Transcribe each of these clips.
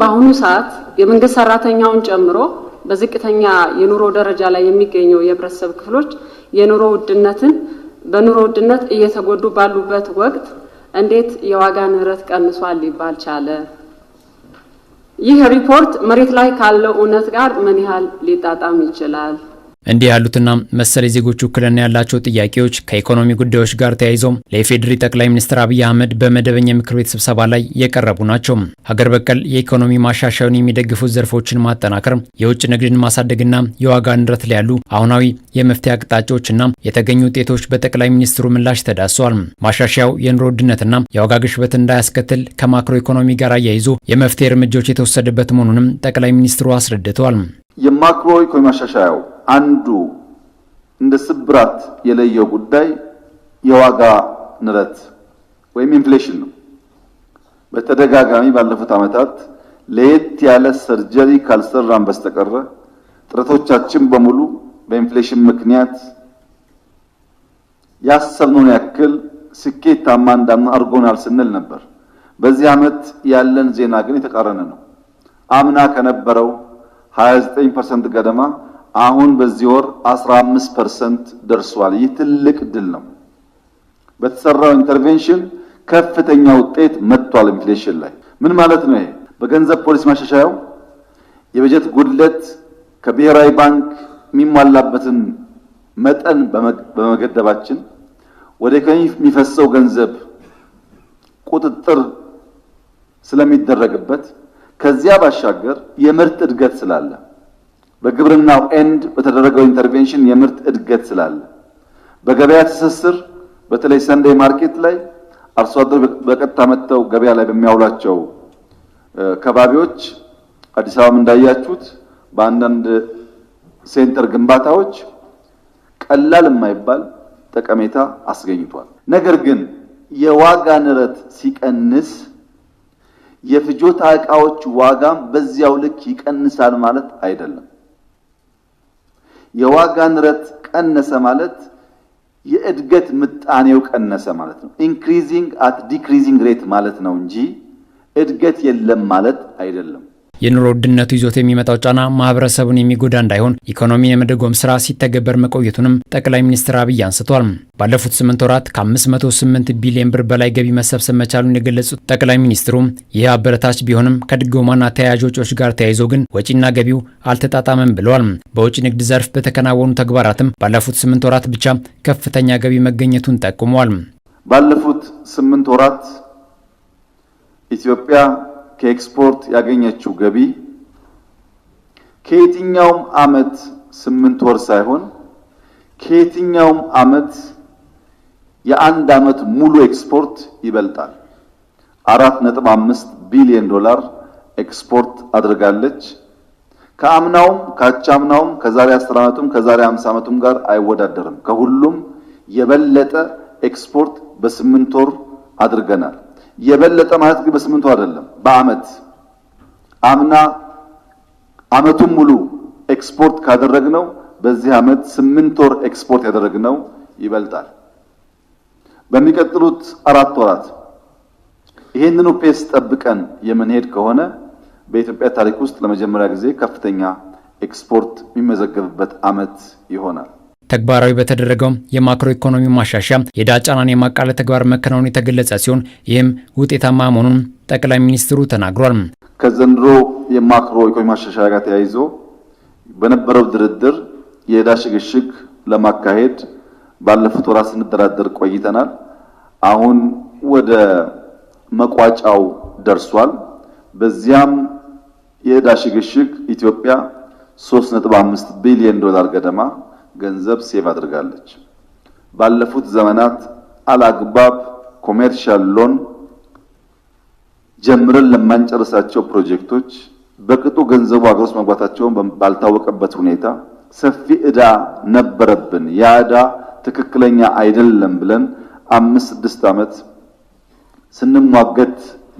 በአሁኑ ሰዓት የመንግስት ሰራተኛውን ጨምሮ በዝቅተኛ የኑሮ ደረጃ ላይ የሚገኘው የህብረተሰብ ክፍሎች የኑሮ ውድነትን በኑሮ ውድነት እየተጎዱ ባሉበት ወቅት እንዴት የዋጋ ንረት ቀንሷል ሊባል ቻለ? ይህ ሪፖርት መሬት ላይ ካለው እውነት ጋር ምን ያህል ሊጣጣም ይችላል? እንዲህ ያሉትና መሰል የዜጎች ውክልና ያላቸው ጥያቄዎች ከኢኮኖሚ ጉዳዮች ጋር ተያይዘው ለኢፌዴሪ ጠቅላይ ሚኒስትር አብይ አህመድ በመደበኛ ምክር ቤት ስብሰባ ላይ የቀረቡ ናቸው። ሀገር በቀል የኢኮኖሚ ማሻሻያውን የሚደግፉት ዘርፎችን ማጠናከር፣ የውጭ ንግድን ማሳደግና የዋጋ ንረት ላይ ያሉ አሁናዊ የመፍትሄ አቅጣጫዎችና የተገኙ ውጤቶች በጠቅላይ ሚኒስትሩ ምላሽ ተዳሰዋል። ማሻሻያው የኑሮ ውድነትና የዋጋ ግሽበት እንዳያስከትል ከማክሮ ኢኮኖሚ ጋር አያይዞ የመፍትሄ እርምጃዎች የተወሰደበት መሆኑንም ጠቅላይ ሚኒስትሩ አስረድተዋል። የማክሮ ኢኮኖሚ ማሻሻያው አንዱ እንደ ስብራት የለየው ጉዳይ የዋጋ ንረት ወይም ኢንፍሌሽን ነው። በተደጋጋሚ ባለፉት ዓመታት ለየት ያለ ሰርጀሪ ካልሰራን በስተቀረ ጥረቶቻችን በሙሉ በኢንፍሌሽን ምክንያት ያሰብነውን ያክል ስኬታማ እንዳንሆን አድርጎናል ስንል ነበር። በዚህ ዓመት ያለን ዜና ግን የተቃረነ ነው። አምና ከነበረው 29% ገደማ አሁን በዚህ ወር 15 ፐርሰንት ደርሷል። ይህ ትልቅ ድል ነው። በተሰራው ኢንተርቬንሽን ከፍተኛ ውጤት መጥቷል። ኢንፍሌሽን ላይ ምን ማለት ነው? ይሄ በገንዘብ ፖሊሲ ማሻሻያው የበጀት ጉድለት ከብሔራዊ ባንክ የሚሟላበትን መጠን በመገደባችን ወደ ኢኮኖሚ የሚፈሰው ገንዘብ ቁጥጥር ስለሚደረግበት ከዚያ ባሻገር የምርት እድገት ስላለ በግብርናው ኤንድ በተደረገው ኢንተርቬንሽን የምርት እድገት ስላለ፣ በገበያ ትስስር በተለይ ሰንደይ ማርኬት ላይ አርሶ አደር በቀጥታ መጥተው ገበያ ላይ በሚያውሏቸው ከባቢዎች አዲስ አበባም እንዳያችሁት በአንዳንድ ሴንተር ግንባታዎች ቀላል የማይባል ጠቀሜታ አስገኝቷል። ነገር ግን የዋጋ ንረት ሲቀንስ የፍጆታ እቃዎች ዋጋም በዚያው ልክ ይቀንሳል ማለት አይደለም። የዋጋ ንረት ቀነሰ ማለት የእድገት ምጣኔው ቀነሰ ማለት ነው። ኢንክሪዚንግ አት ዲክሪዚንግ ሬት ማለት ነው እንጂ እድገት የለም ማለት አይደለም። የኑሮ ውድነቱ ይዞት የሚመጣው ጫና ማህበረሰቡን የሚጎዳ እንዳይሆን ኢኮኖሚ የመደጎም ስራ ሲተገበር መቆየቱንም ጠቅላይ ሚኒስትር አብይ አንስቷል። ባለፉት ስምንት ወራት ከ508 ቢሊዮን ብር በላይ ገቢ መሰብሰብ መቻሉን የገለጹት ጠቅላይ ሚኒስትሩ ይህ አበረታች ቢሆንም ከድጎማና ተያያዥ ወጪዎች ጋር ተያይዞ ግን ወጪና ገቢው አልተጣጣመም ብለዋል። በውጭ ንግድ ዘርፍ በተከናወኑ ተግባራትም ባለፉት ስምንት ወራት ብቻ ከፍተኛ ገቢ መገኘቱን ጠቁመዋል። ባለፉት ስምንት ወራት ኢትዮጵያ ከኤክስፖርት ያገኘችው ገቢ ከየትኛውም ዓመት ስምንት ወር ሳይሆን ከየትኛውም ዓመት የአንድ ዓመት ሙሉ ኤክስፖርት ይበልጣል። አራት ነጥብ አምስት ቢሊዮን ዶላር ኤክስፖርት አድርጋለች። ከአምናውም ከአቻምናውም ከዛሬ 10 ዓመቱም ከዛሬ 50 ዓመቱም ጋር አይወዳደርም። ከሁሉም የበለጠ ኤክስፖርት በስምንት ወር አድርገናል። የበለጠ ማለት ግን በስምንቱ አይደለም፣ በአመት አምና አመቱን ሙሉ ኤክስፖርት ካደረግነው በዚህ አመት ስምንት ወር ኤክስፖርት ያደረግነው ይበልጣል። በሚቀጥሉት አራት ወራት ይህንኑ ፔስ ጠብቀን የምንሄድ ከሆነ በኢትዮጵያ ታሪክ ውስጥ ለመጀመሪያ ጊዜ ከፍተኛ ኤክስፖርት የሚመዘገብበት አመት ይሆናል። ተግባራዊ በተደረገው የማክሮ ኢኮኖሚ ማሻሻ የዕዳ ጫናን ተግባር መከናወን የተገለጸ ሲሆን ይህም ውጤታማ መሆኑን ጠቅላይ ሚኒስትሩ ተናግሯል። ከዘንድሮ የማክሮ ኢኮኖሚ ማሻሻያ ጋር ተያይዞ በነበረው ድርድር የዕዳ ሽግሽግ ለማካሄድ ባለፉት ወራት ስንደራደር ቆይተናል። አሁን ወደ መቋጫው ደርሷል። በዚያም የዕዳ ሽግሽግ ኢትዮጵያ 3.5 ቢሊዮን ዶላር ገደማ ገንዘብ ሴቭ አድርጋለች። ባለፉት ዘመናት አላግባብ ኮሜርሻል ሎን ጀምረን ለማንጨርሳቸው ፕሮጀክቶች በቅጡ ገንዘቡ አገር ውስጥ መግባታቸውን ባልታወቀበት ሁኔታ ሰፊ እዳ ነበረብን። ያ ትክክለኛ አይደለም ብለን አምስት ስድስት ዓመት ስንሟገት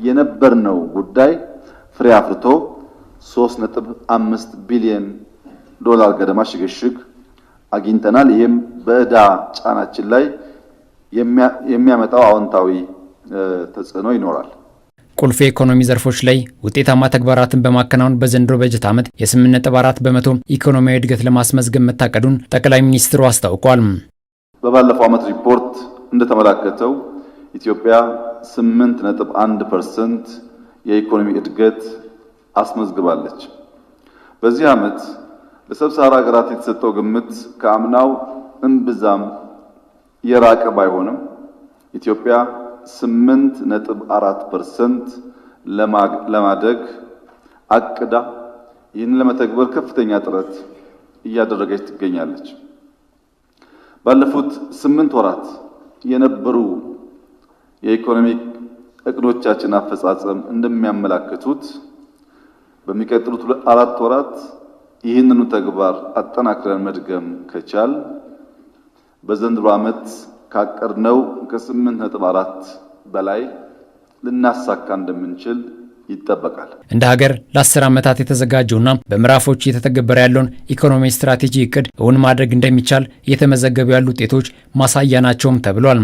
የነበርነው ጉዳይ ፍሬ አፍርቶ 3.5 ቢሊዮን ዶላር ገደማ ሽግሽግ አግኝተናል። ይህም በእዳ ጫናችን ላይ የሚያመጣው አዎንታዊ ተጽዕኖ ይኖራል። ቁልፍ የኢኮኖሚ ዘርፎች ላይ ውጤታማ ተግባራትን በማከናወን በዘንድሮ በጀት ዓመት የ8.4 በመቶ ኢኮኖሚያዊ እድገት ለማስመዝገብ መታቀዱን ጠቅላይ ሚኒስትሩ አስታውቋል። በባለፈው ዓመት ሪፖርት እንደተመላከተው ኢትዮጵያ 8.1 ፐርሰንት የኢኮኖሚ እድገት አስመዝግባለች። በዚህ ዓመት ለሰብሳራ ሀገራት የተሰጠው ግምት ከአምናው እምብዛም የራቀ ባይሆንም ኢትዮጵያ ስምንት ነጥብ አራት ፐርሰንት ለማደግ አቅዳ ይህንን ለመተግበር ከፍተኛ ጥረት እያደረገች ትገኛለች። ባለፉት ስምንት ወራት የነበሩ የኢኮኖሚ እቅዶቻችን አፈጻጸም እንደሚያመላክቱት በሚቀጥሉት አራት ወራት ይህንኑ ተግባር አጠናክረን መድገም ከቻል በዘንድሮ ዓመት ካቀድነው ከስምንት ነጥብ አራት በላይ ልናሳካ እንደምንችል ይጠበቃል። እንደ ሀገር ለአስር ዓመታት የተዘጋጀውና በምዕራፎች እየተተገበረ ያለውን ኢኮኖሚ ስትራቴጂ እቅድ እውን ማድረግ እንደሚቻል እየተመዘገቡ ያሉ ውጤቶች ማሳያ ናቸውም ተብሏል።